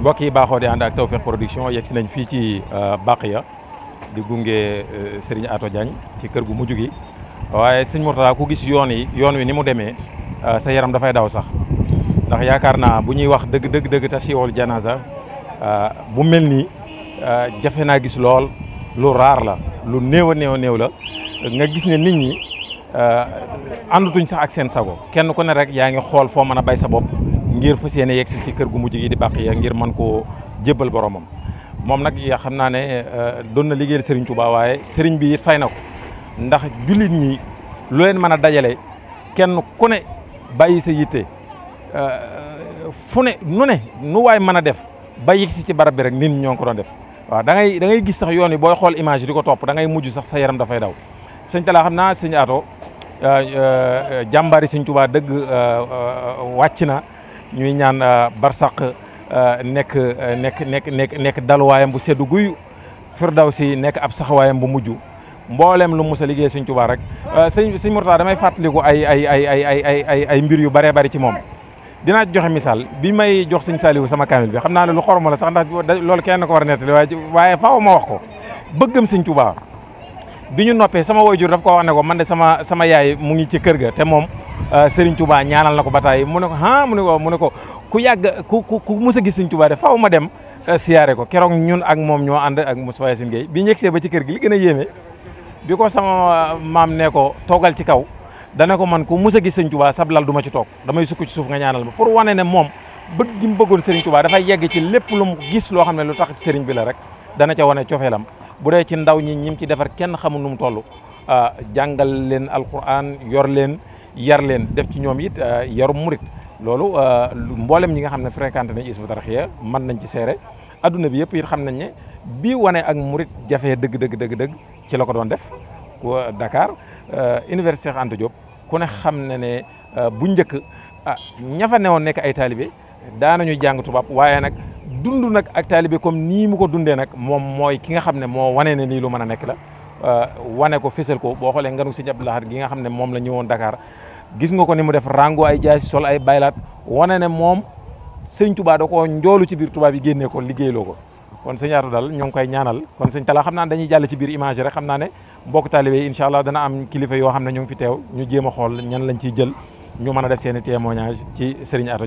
mbokk yi baaxoo di ànd ak Tawfekh Production yegg si nañ fii ci euh, ya di gunge euh, Serigne Ato Diagne ci kër gu mujj gi waaye Serigne Mourtada ku gis yoon yi yoon wi ni mu demee euh, sa yaram dafay daw sax ndax yaakaar naa bu ñuy wax dëgg dëgg dëgg tashiwul janaza bu mel nii jafe naa gis lool lu raar la lu néew a néew a néew la nga gis ne nit ñi àndatuñ sax ak seen sago kenn ku ne rek yaa ngi xool foo mën a bay sa bopp. ngir fas yéene yegsi ci kër gu mujj gi di bàq ya ngir mën koo jébbal boromam moom nag yaa xam naa ne euh, doon na liggéeyal sëriñ Touba waaye sëriñ bi it fay na ndax jullit ñi lu leen mën a dajale kenn ku ne bàyyi sa yitte euh, fu ne nu ne nu mën a def ba yegsi ci barab bi rek nit ñi ñoo ko doon def waaw dangay gis sax yoon yi booy xool image di ko topp da ngay mujj sax sa yaram dafay daw sëñ Talla xam naa sëñ Ato euh, jàmbaari sëñ Touba dëgg wàcc na. ñuy ñaan euh, barsaq euh, nekk euh, nekk nekk nekk nekk daluwaayam bu seddu guyu si nekk ab saxawaayam bu mujj mboolem lu mus a liggéey sëñ Tuubaa rek sëñ sëñ Murtada damay fàttaliku ay ay ay ay ay ay ay mbir yu bëree bëri ci moom dinaa joxe misaal bi may jox sëñ Saliou sama kaamil bi xam naa ne lu xoroma la sax ndax loolu kenn ko war a nettali waaye waaye faaw ma wax ko bëggam sëñ Tuubaa bi ñu noppee sama waajur daf ko wax ne ko man de sama sama yaay mu ngi ci kër ga te moom euh, Serigne Touba ñaanal na ko bataay mu ne ko ah mu ne ko mu ne ko ku yàgg ku ku mës a gis Serigne Touba de faaw ma dem euh, siyaare ko keroog ñun ak moom ñoo ànd ak Moustapha Yassine Gueye bi ñu ba ci kër gi li gën bi ko sama euh, maam ne ko toogal ci kaw dana ko man ku mës a gis Serigne Touba sablal du ma ci toog dama sukk ci suuf nga ñaanal ma pour wane ne moom bëgg gi mu bëggoon Serigne Touba dafay yegg ci lépp lu mu gis loo xam ne lu tax Serigne bi la rek dana ca wane cofeelam bu dee ci ndaw ñi ñim ci defar kenn xamul nu mu toll ah, jàngal leen alquran yor leen yar leen def ci ñoom it ah, yaru murit loolu ah, mboolem ñi nga xam ne fréquenté nañ Hizbut Tarqiyyah mën nañ ci seere aduna bi yëpp it xam nañ ne bi wane ak murit jafee dëgg dëgg dëgg dëgg ci la ko doon def Dakar Université Cheikh Anta Diop ku ne xam na ne bu njëkk ah ña fa newoon nekk ay taalibe daanañu jàng tubaab waaye nag dund nag ak taalibe comme nii mu ko dundee nag moom mooy ki nga xam ne moo wane ne nii lu mën a nekk la euh, wane ko fésal ko boo xoolee nganu sëñ Abdou Lahad gi nga xam ne moom la ñëwoon Dakar gis nga ko ni mu def rango ay jaay sol ay baylaat wane ne moom sëñ Touba da koo njoolu ci biir tubaab yi génnee ko liggéeyloo ko kon sëñ Atou Dal ñoo ngi koy ñaanal kon sëñ Talla xam naa ne dañuy jàll ci biir image rek xam naa ne mbokk taalibe yi incha allah dana am kilifa yoo xam ne ñu ngi fi teew ñu jéem a xool ñan lañ ciy jël ñu mën a def seen i ci Serigne Atou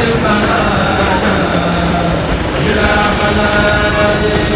البنات إلى خلائق